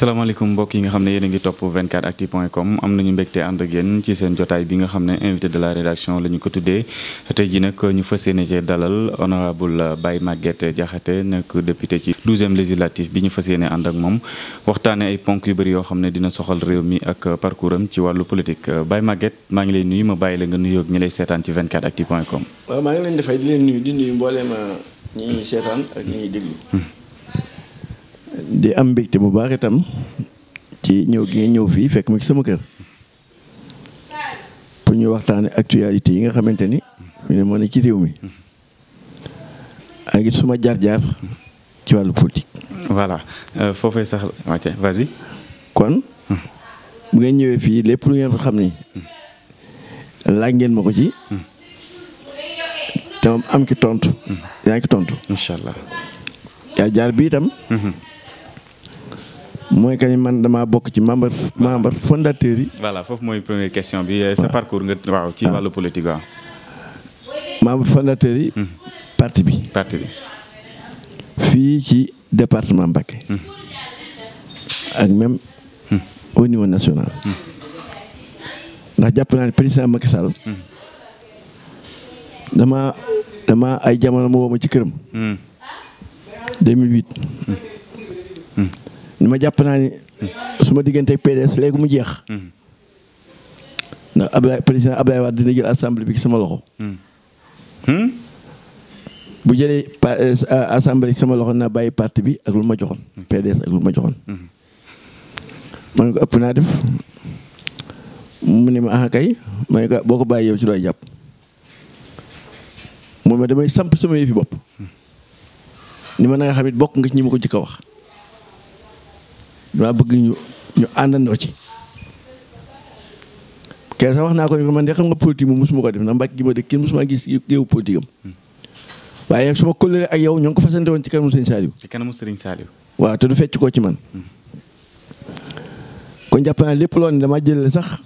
salaamaaleykum mbokk yi nga xam ne yéen a ngi topp 24actu point com am nañu mbégte ànd ak yéen ci seen jotaay bi nga xam ne invité de la rédaction la ñu ko tuddee tey ji nag ñu fas yéene cee dalal honorable Baye Maguette Diakhaté nekk député ci 12e législatif bi ñu fas yéene ànd ak moom waxtaane ay ponk yu bëri yoo xam ne dina soxal réew mi ak parcours am ci wàllu politique Baye Maguette maa ngi leen nuyu ma bàyyi la nga nuyoog ñi lay seetaan ci 24actu point nuyu ak ñi ñuy déglu. Hmm. di am mbégte bu baax itam ci ñëw gi nga ñëw fii fekk ma ci sama kër pour ñu waxtaanee actualité yi nga xamante ni ne moo ne ci réew mi ak it suma jaar-jaar ci wàllu politique. voilà euh, foofee sax kon bu ngeen ñëwee fii lépp lu ngeen xam ni laaj ngeen ma ko ci. te am ki tontu. Mm-hmm. yaa tontu. incha allah jaar-jaar bi itam. Mm-hmm. mooy kañ man damaa bokk ci membre membre fondateur yi. voilà foofu mooy première question bi. Euh, sa parcours waaw ci ah. wàllu politique yi. Hmm. parti bi parti fii ci département Mbacké. Hmm. ak même hmm. au niveau national. ndax jàpp naa ne président Macky Sall. dama dama ay jamono mu woo ci këram. 2008. li ma jàpp naa ni suma diggante PDS léegi mu jeex. ndax Ablaye président Ablaye Wade dina jël assemblée bi ci sama loxo. Hmm? bu jëlee pa euh, assemblée sama loxo na bàyyi parti bi ak lu ma joxoon PDS ak lu ma joxoon. Hmm. man ko ëpp naa def mu ni ma ah kay ma boo ko bàyyi yow ci looy jàpp. mu ma damay samp sama yëfi bopp. Hmm. ni ma na nga xam it bokk nga ci ñi ma ko jëkk a wax. dama bëgg ñu ñu àndandoo ci kenn sa wax naa ko ni ko man de xam nga politique moom mosuma ko def ndax mbàkk gi ma dëkk kenn mosuma gis yow politique am hmm. waaye suma kóllëre ak yow ñoo ngi ko fasante woon ci kanamu Sëriñ Saliou ci kanamu Sëriñ Saliou waaw te du fecc koo ci man hmm. kon jàpp naa lépp loo ne damaa jëlale sax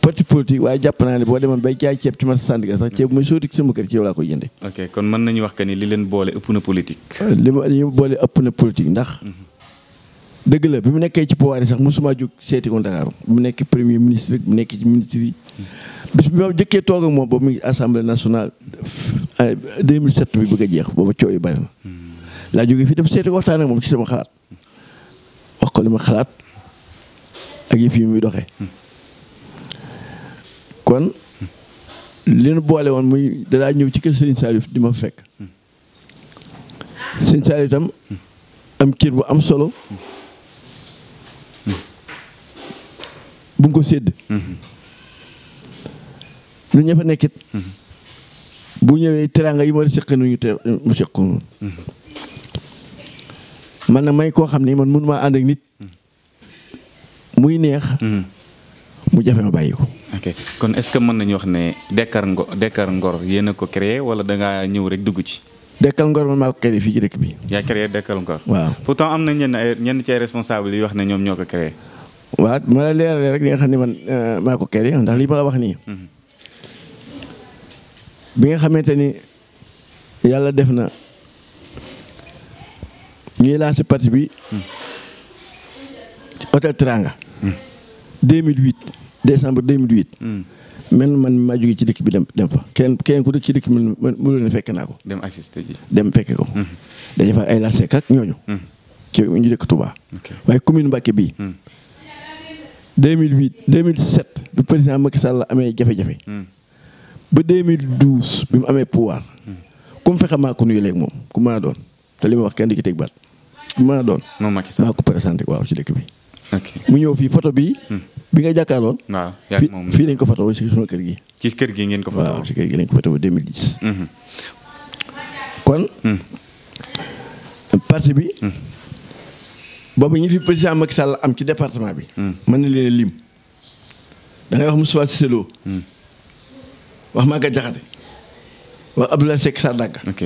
parti politique waaye jàpp naa ne boo demoon bay jaay ceeb ci marché Sandaga sax ceeb muy sóoti sama kër ci yow laa koy jënde kon mën nañu wax que ni li leen boole ëpp na politique li ma ñu boole ëpp na politique ndax hmm. dëgg la bi mu nekkee ci pouvoir yi sax mosuma jóg seeti ko Ndakaaru mu nekk premier ministre bi mu nekk ci ministre yi bis bi ma jëkkee toog ak moom boobu mu ngi assemblée nationale 2007 bi bëgg a jeex booba coow yu bari na laa jógee fii dem seeti waxtaan ak moom ci sama xalaat li ma xalaat ak yëf muy doxee kon li nu boole woon muy dadaa ñëw ci kër Serigne Saliou di ma fekk Serigne Saliou itam am cër bu am solo ko sédd lu ña fa nekkit bu ñëwee teraanga yi ma séq nuñu te mu séq man na may koo xam ne man mënumaa ànd ak nit muy neex mu jafe ma bàyyi ko kon est-ce que mën nañu wax ne Dekkar Ngor Dekkar yéen a ko créé wala dangaa ñëw rek dugg ci Dekkal Ngor man maa ko créé fii ci dëkk bi yaa créé Dekkal Ngor waaw pourtant am na ñenn ay ci ay responsable yi wax ne ñoom ñoo ko créé waa ma la leeralee rek li nga xam ne man euh, maa ko kere ndax li ma la wax nii. Mhm. bi nga xamante ni yàlla def na ñuy laa si parti bi. Mhm. ci hôtel Teranga. 2008 mhm. décembre 2008. man man maa jógee ci dëkk bi dem dem fa kenn kenn ku dëkk ci dëkk bi man mënul ne fekk naa ko. dem assisté ji dem fekke ko. dañuy far ay laajte ak ñooñu. ci ñu dëkk Touba. waaye commune Mbacké bii. 2008 2007 bi président Macky Sall amee jafe-jafe. Hmm. ba 2012 bi mu amee pouvoir. Hmm. ku mu fexe maa ko nuyu léegi moom ku mën a doon te li ma wax kenn di ci teg baat ku mën a doon. moom Macky Sall ko waaw ci dëkk bi. ok mu ñëw fii photo bi hmm. bi nga jàkkaarloon. waaw yaa ngi moom fii dañ ko photo ci sunu kër gi. ci kër gi ngeen ko photo waaw ci kër gi lañ ko photo ba 2010. kon. parti bi. boobu ñu fi président Macky Sall am ci département bi. Hmm. mën na leen lim. da ngay wax Moussa Cissé Lo hmm. wax Maga Diakhaté wax la Seck Sadaga. ok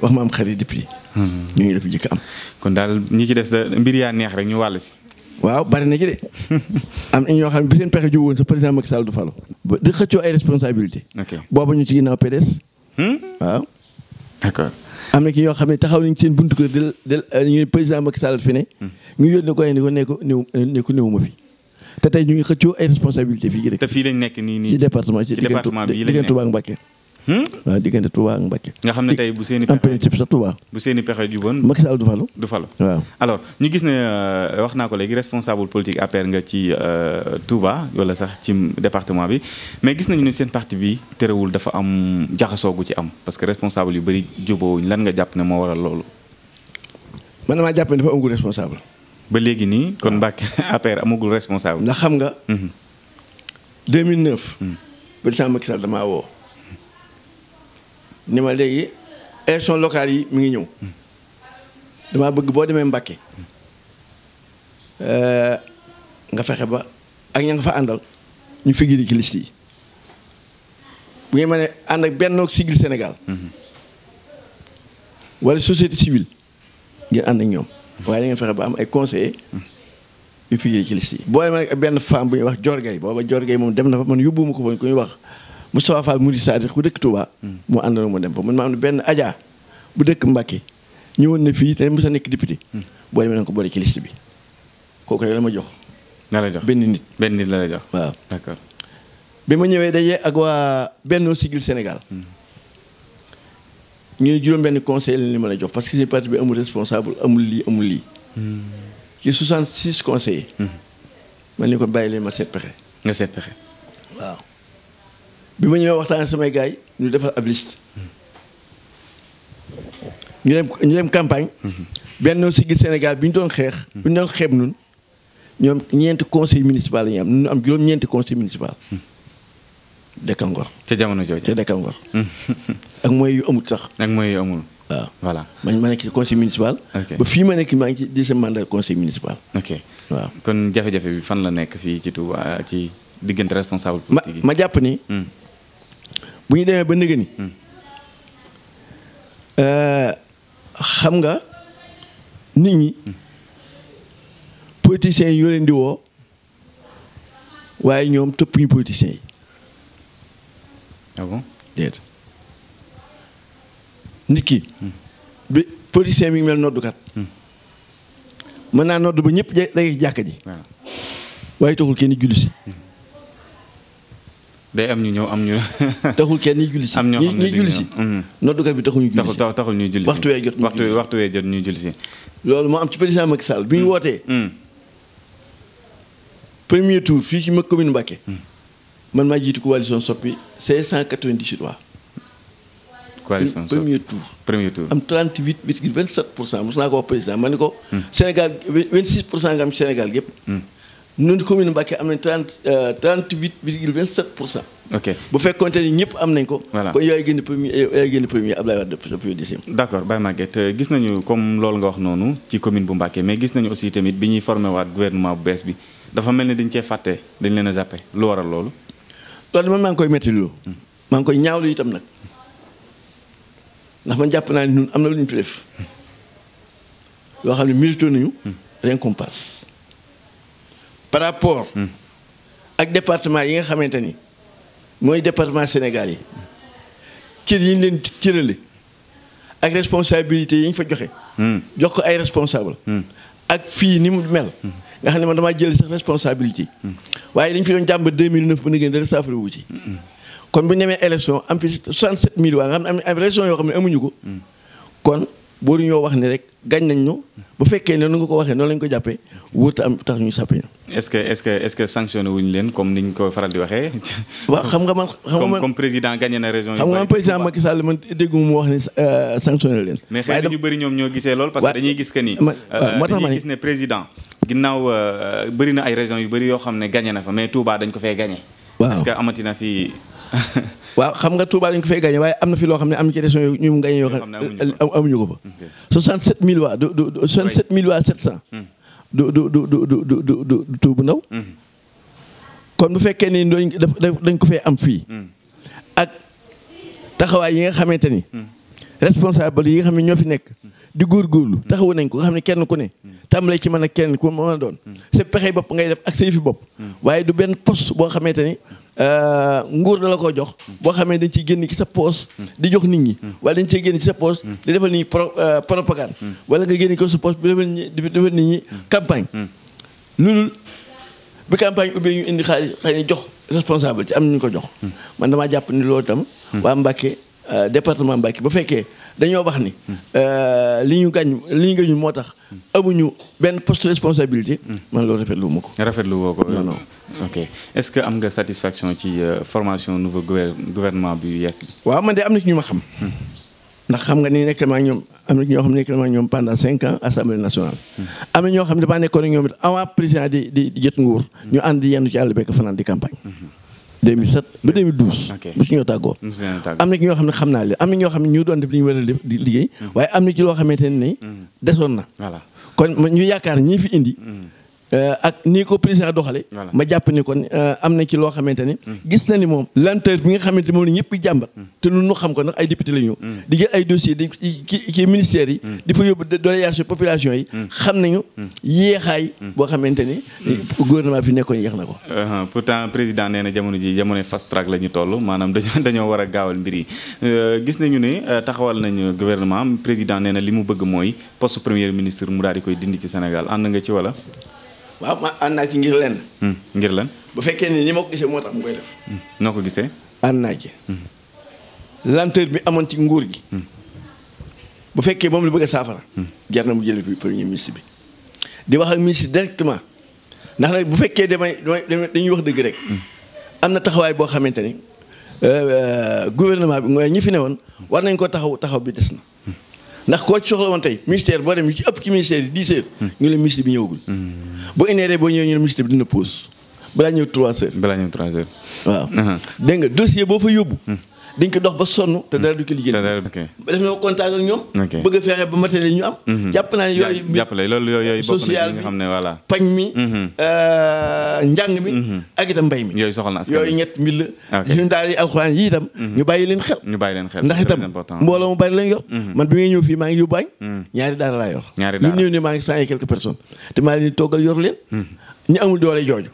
wax ma maam xarit depuis. ñu ngi def jëkk am. kon daal ñu ci des da mbir yaa neex rek ñu wàll si. waaw bari na ci de am na ñoo xam bi seen pexe ju woon sa président Macky Sall du falu di xëccoo ay responsabilité booba ñu ci ginnaaw PDS. Hmm? waaw d'accord. am na ki yoo xam ne taxaw nañ seen buntu kër del del ñu président Macky Sall fi ne. Hmm. ñu yónni ko ne ko ne ko néew ne ko néewuma fi. te tey ñu ngi xëccoo ay responsabilité fii rek. te fii lañ nekk nii nii ci département ci département bi yi lañ nekk diggante Touba ak Mbacké Hmm? waaw diggante Touba ak Mbacke. nga xam ne tey bu seen i pexe en principe Touba. bu seen i pexe juboon Macky Sall du falu. du falu waaw alors ñu gis ne euh, wax naa ko léegi responsable politique APR nga ci euh, Touba wala sax ci département bi mais gis nañu ni seen parti bi terewul dafa am jaxasoo gu ci am parce que responsable yu bëri jubóowuñ lan nga jàpp ne moo waral loolu. man damaa jàpp ne dafa amagul responsable. ba léegi nii kon Mbacke APR amagul responsable. ndax xam nga. 2009. Mhm. Mhm. président Macky Sall damaa woo. ni ma léegi élection locale yi mi ngi ñëw damaa bëgg boo demee Mbàkke euh, nga fexe ba ak ña fa àndal ñu figiri ci liste yi bu ngeen ma ne ànd ak benn Siggil Sénégal wala société civile ngeen ànd ñoom waaye da ngeen fexe ba am ay conseillers yu figiri ci liste yi boo demee nag benn femme bu ñuy wax Jorgay booba Jorgay moom dem na fa man yóbbuwuma ko fa ñu ko wax Moustapha Fall Mouride Sadikh ku dëkk Touba. Mm. mu ànd na mu dem fa man ma am benn Adja bu dëkk Mbacké ñëwoon na fii te mu sa nekk député. Mm. boo demee ko boole ci liste bi kooku rek la ma jox. benn nit benn nit la la jox. bi ma ñëwee daje ak waa Benno Siggil Sénégal. Mm. ñu juróom benn conseil la ma la jox parce que seen parti bi amul responsable amul lii amul lii. ci 66 conseillers. ma ni ko bàyyi leen ma seet pexe. bi ma ñëwee waxtaanee samay gars ñu defal ab liste. ñu dem ñu dem campagne. benn si gis Sénégal bi ñu doon xeex. bi ñu doon xeeb ñun ñoom ñeenti conseil municipal ñu am ñu am juróom ñeenti conseil municipal. Dekka Ngor. ca jamono jooju ca Dekka Ngor. ak mooy yu amul sax. ak mooy yu amul. waaw voilà ma nekk ci conseil municipal. ba fii ma nekk maa ngi ci deuxième mandat conseil municipal. ok waaw kon jafe-jafe bi fan la nekk fii ci Touba ci diggante responsable politique yi. ma ma jàpp ni. Hmm. bu ñu demee ba nëgë hmm. euh, xam nga nit ñi hmm. politiciens yi ñoo leen di woo waaye ñoom topp ñu politiciens yi. ah bon déet nit ki. Hmm. bi mel noddukat. mën naa noddu ba ñëpp ja da jàkka ji. waaye taxul kenn julli si. day am ñu ñëw am ñu. taxul kenn ñuy julli si am ñoo xam ne ñuy mm. bi taxul ñu julli si taxul ñuy julli si waxtu wee jot waxtu waxtu wee ñuy julli si. loolu moo am ci président Macky saal bu ñu mm. wootee. Mm. premier tour fii ci ma commune Mbacké. man maa jiitu coalition Soppi 598 waa. coalition Soppi premier tour. premier tour am 38 virgule 27 pour cent mos naa ko wax président ma ne ko. Sénégal 26 pour cent nga am ci Sénégal gépp ñun commune Mbacké am nañ trente euh, trente huit virgule vingt sept pour cent. ok bu fekkoonte ni ñëpp am nañ ko. voilà kon yaay génn premier yaay génn premier Abdoulaye Wade depuis dixième. d' accord Baye Maguette euh, gis nañu comme loolu nga wax noonu ci commune bu Mbacké mais gis nañu aussi tamit bi ñuy formé waat gouvernement bu bees bi dafa mel ni dañ cee fàtte dañ leen a jàppe lu waral loolu. loolu man maa ngi koy métti lu hmm. maa ngi koy ñaawlu itam nag ndax man jàpp naa ne ñun am na lu ñu fi def yoo hmm. xam ne milité nañu hmm. récompense par rapport ak département yi nga xamante ni mooy département Sénégal yi cër yi ñu leen cërale ak responsabilité yi ñu fa joxe hmm. jox ko ay responsable hmm. ak fii ni mu mel hmm. nga xam ne man damaa jël sax responsabilité waaye li ñu fi doon jàmba 2009 bu na gén dara saafara wu ci kon bu ñu demee élection am fi 67000 waa nga xam ne am région yoo xam ne amuñu ko kon boo ñoo wax ni rek gañ nañ ñu bu fekkee ne nu nga ko waxee noonu lañ ko jàppee wóorta am tax ñu sàppe est ce que est ce que est ce que sanctionné wuñu leen comme niñ ko faral di waxee. waaw xam nga man xam nga man comme président gagné na région. xam nga man président Macky Sall man déggu mu wax ne euh, sanctionné leen. mais xëy na bëri ñoom ñoo gisee lool. parce que dañuy gis que ni. Euh, moo tax ma ne gis ne président. ginnaaw euh, bëri na ay régions yu bëri yoo xam ne gañe na fa mais tuubaa dañ ko fee gagné. waaw parce que amati na fii. waaw xam nga Touba lañ ko fay gagné waaye am na fi loo xam ne am na ci élection ñu gagné yoo xam amuñu ko fa 67000 mm-hmm. waa du du 67000 waa 700 mm. du du du du du du du bu ndaw mm-hmm. kon bu fekkee ni dooñ dañ ko fay am fii mm. ak taxawaay yi nga xamante ni mm. responsable yi nga xam ne ñoo fi nekk di góorlu taxawu nañ ko nga xam ne kenn ku ne tàmbalee ci mën a kenn ku mën a doon sa pexe bopp ngay def ak sa yëfi bopp waaye du benn post boo xamante ni Euh, nguur da la ko jox boo xamee dañ ciy génn ci sa poos di jox nit ñi wala dañ ciy génn ci sa poos di defal nit ñi euh, propagande wala nga génn ko sa poos bi defal nit ñi defal nit ñi campagne loolu bi campagne ubbee ñu indi xaalis xëy jox responsable ci am nañu ko jox man damaa jàpp ni loolu tam waa Mbàkke euh, département Mbàkke ba fekkee dañoo wax ni euh, li ñu gañ li ñu gañu moo tax amuñu benn poste responsabilité man loolu rafetlu ma ko rafetlu woo ko non non ok est-ce que am nga satisfaction ci euh, formation nouveau gouvernement bi yees bi de am na ci ñu ma xam ndax xam nga ni nekk na ñoom am ñoo xam ne nekk na ñoom pendant cinq ans assemblée nationale. am na ñoo xam ne damaa nekkoon ak ñoom it avant président di di nguur. Hmm. ñu ànd yenn ci àll bekk fanaan di campagne. Hmm. 2007 bu ci ñoo tàggoo. am na ñoo xam ne xam naa leen am na ñoo xam ne ñu doon def li war a liggéey. Mm-hmm. waaye am na ci loo xamante ne. Mm-hmm. desoon na. kon ñu yaakaar ñii fi indi. Mm-hmm. Euh, ak nii ko président doxale ma jàpp ni kon euh, am na ci loo xamante ni. Hmm. gis na ni moom lenteur bi nga xamante moom la ñëpp jàmbat. Hmm. te ñun ñu xam ko ndax ay député la ñu. Hmm. di jël ay dossiers dañ ko ci ci yi. di fa yóbbu délégation population yi. xam nañu yéexaay. boo xamante ni. gouvernement bi nekkoon yeex na ko. Uh-huh. pourtant président nee na jamono ji jamono fast track la ñu toll maanaam dañoo dañoo war a gaawal mbir yi euh, gis nañu ne taxawal nañu gouvernement président nee na li mu bëgg mooy poste premier ministre mu daal di koy dindi ci Sénégal ànd nga ci wala. waaw ma ànd naa ci ngir lenn. Hmm, ngir lenn. bu fekkee ni ni ma ko gisee moo tax mu koy def. Hmm, noo ko gisee. ànd naa ci. Hmm. lenteur bi amoon ci nguur gi. bu fekkee moom la bëgg a saafara. jar bu mu jëlee fi premier ministre bi. di wax ak ministre directement ndax nag bu fekkee damay damay dañuy wax dëgg rek. am na taxawaay boo xamante ni euh, euh, gouvernement bi mooy ñi fi woon war nañ ko taxaw taxaw bi des na. ndax koo ci soxla woon ministère boo dem yu ci ëpp ci ministère yi dix heures. ñu ministre bi ñëwagul. bu énervé boo ñëwee ñu ne ministre bi dina pause balaa ñëw trois heures. balaa ñëw trois heures. waaw. dégg nga boo fa yóbu hmm. dañ ko dox ba sonn te dara du ko liggéey def na ko kontaan ñoom bëgg a fexe ba matériel ñu am mhm. jàpp naa ne yooyu jàppale loolu yooyu social xam ne voilà pañ mi mhm. euh, njàng mi mhm. ak itam mbay mi yooyu soxal na askan yooyu ñett mbir la suñu daal yi ñu bàyyi leen xel ñu bàyyi leen xel ndax mu bari lañ yor man bi ngay ñëw fii maa ngi yóbbaañ ñaari daara laa yor ñu ñëw maa ngi cent et quelques personnes te maa leen toggal yor leen ñu amul doole jooju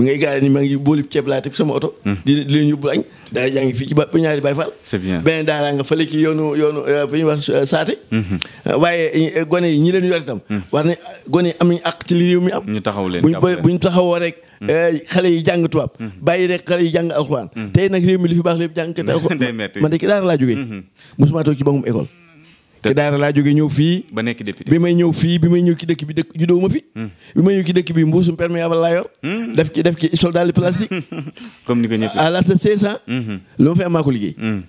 mi ngay gaare ni ma ngi bóolib ceeb laa teg sama oto. Hmm. di leen yóbbu añ. daal jaa ngi fii ci ba ñaari Baay Faal. c'est bien beneen daal nga fële ci yoonu yoonu euh, fi euh, saate. Hmm. waaye euh, gone yi ñi leen yor itam. Hmm. war nañ gone yi am ci li réew mi am. bu ñu taxawoo rek. xale yi jàng tubaab. bàyyi rek xale yi jàng alxuraan. tey nag réew mi li fi baax lépp jàng kat alxuraan. man de ki daara laa jógee. mosuma ci bangum école. te daara laa jógee ñëw fii. ba nekk député bi may ñëw fii bi may ñëw ci dëkk bi dëkk juddoo ma fi. Hmm. bi may ñëw ci dëkk bi mbuusum perméable laa yor. Hmm. def ci def ci soldat plastique. comme ni ko ñëpp la 500. lu ma fi am maa liggéey. Hmm.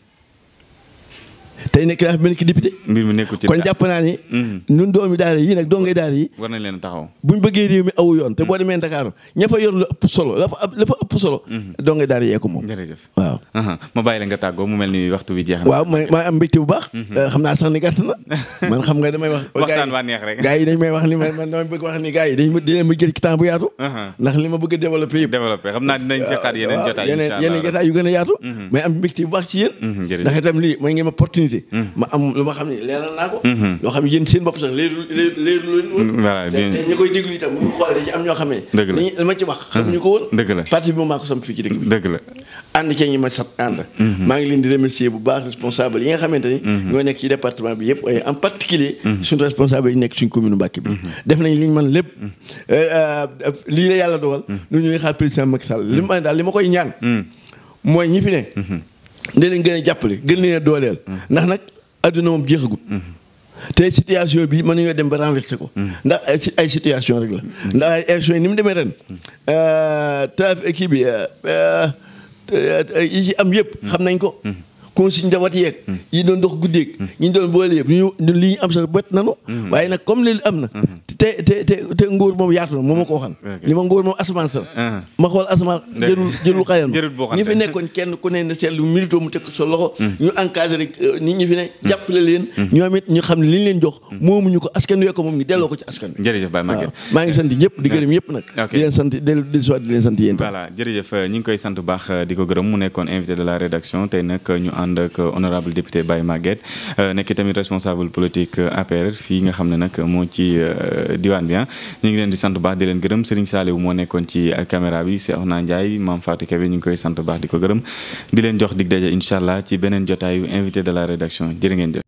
tey nekk naa fi benn mhm. doomi daara yi nag dongay daara yi. war buñ bëggee réew mi awu yoon. te boo mhm. demee Dakar ña fa yor la ëpp solo la fa ëpp solo. Mhm. dongay daara yee ko moom. waaw. ma bàyyi la nga tàggoo mu na. waaw ma ma am mbégte bu baax. Euh, xam naa neex rek gars yi dañ may wax ni damay bëgg wax ni gars yi dañ ma dinañ ma jël bu yaatu. ndax li ma bëgg a développé yëpp. xam naa dinañ seqaat euh, yeneen yeneen jotaay yu gën a yaatu. may am mbégte bu baax ci yéen ndax itam lii may ngeen ma opportunité opportunité. ma am lu ma xam ne leeral naa ko. loo xam ne yéen seen bopp sax leerul leerul woon. voilà bien te ñi koy déglu itam bu ñu xoolee ci am ñoo xam ne. la li ma ci wax. xamuñu ko woon. dëgg la parti bi moom maa la ànd cee ñi ma sat ànd. maa ngi nekk ci département bi yëpp waaye en particulier. suñu responsable yi nekk suñ commune Mbacke bi. def nañ li ñu lépp. Euh, euh, lii la yàlla dogal. lu ñuy xaar président Macky Sall li ma daal li ma koy ñaan. mooy ñi fi ne. da leen gën a jàppale gën leen a dooleel. ndax nag adduna moom jeexagut. te situation bi mën nañoo dem ba renversé ko. ndax ay ay situation rek la. ndax ay élection yi ni mu demee ren. Euh, trafic kii bi euh, euh, yi ci am yëpp xam nañ ko. kon suñ njaboot yeeg mm. yi doon dox guddeeg ñu mm. doon boole yëpp ñu ñu li ñu am sax bët nanu mm. waaye nag comme li am na te te te te moom yaatu na moom ah. fi nekkoon kenn ku ne ne seetlu milito mu teg sa loxo ñu encadré euh, nit ñi fi ne jàppale leen ñoom it ñu xam ne li ñu leen jox moomuñu ko askan wee ko moom ñu delloo ko ci askan wi jërëjëf Baye Maguette maa ngi sant ñëpp di gërëm ñëpp nag di leen sant dellu soit di leen sant yéen voilà jërëjëf euh, ñi koy sant baax euh, di ko gërëm mu nekkoon invité de la rédaction tey nag ñu ànd ak honorable député Baye Maguette euh, nekk tamit responsable politique euh, APR fii nga xam ne nag moo ci euh, diwaan bi ah. ñu ngi leen di sant baax di leen gërëm Serigne Saliou moo nekkoon ci caméra bi Cheikhouna Ndiaye Mame Fatou Kébé ñu ngi koy sant baax di ko gërëm di leen jox dig daje incha allah ci beneen jotaayu invité de la rédaction jërë ngeen